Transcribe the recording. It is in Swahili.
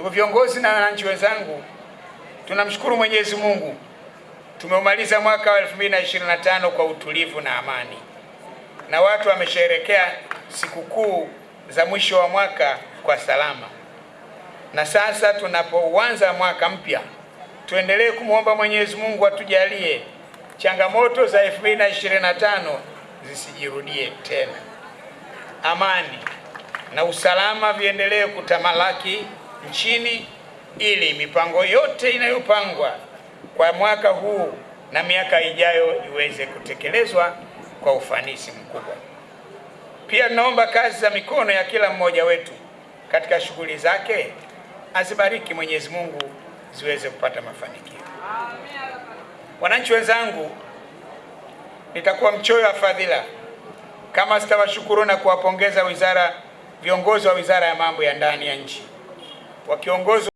Ndugu viongozi na wananchi wenzangu, tunamshukuru Mwenyezi Mungu tumeumaliza mwaka wa 2025 kwa utulivu na amani, na watu wamesherekea sikukuu za mwisho wa mwaka kwa salama. Na sasa tunapoanza mwaka mpya, tuendelee kumwomba Mwenyezi Mungu atujalie changamoto za 2025 zisijirudie tena, amani na usalama viendelee kutamalaki nchini ili mipango yote inayopangwa kwa mwaka huu na miaka ijayo iweze kutekelezwa kwa ufanisi mkubwa. Pia naomba kazi za mikono ya kila mmoja wetu katika shughuli zake azibariki Mwenyezi Mungu ziweze kupata mafanikio. Wananchi wenzangu, nitakuwa mchoyo wa fadhila kama sitawashukuru na kuwapongeza wizara, viongozi wa Wizara ya Mambo ya Ndani ya nchi que kiongozi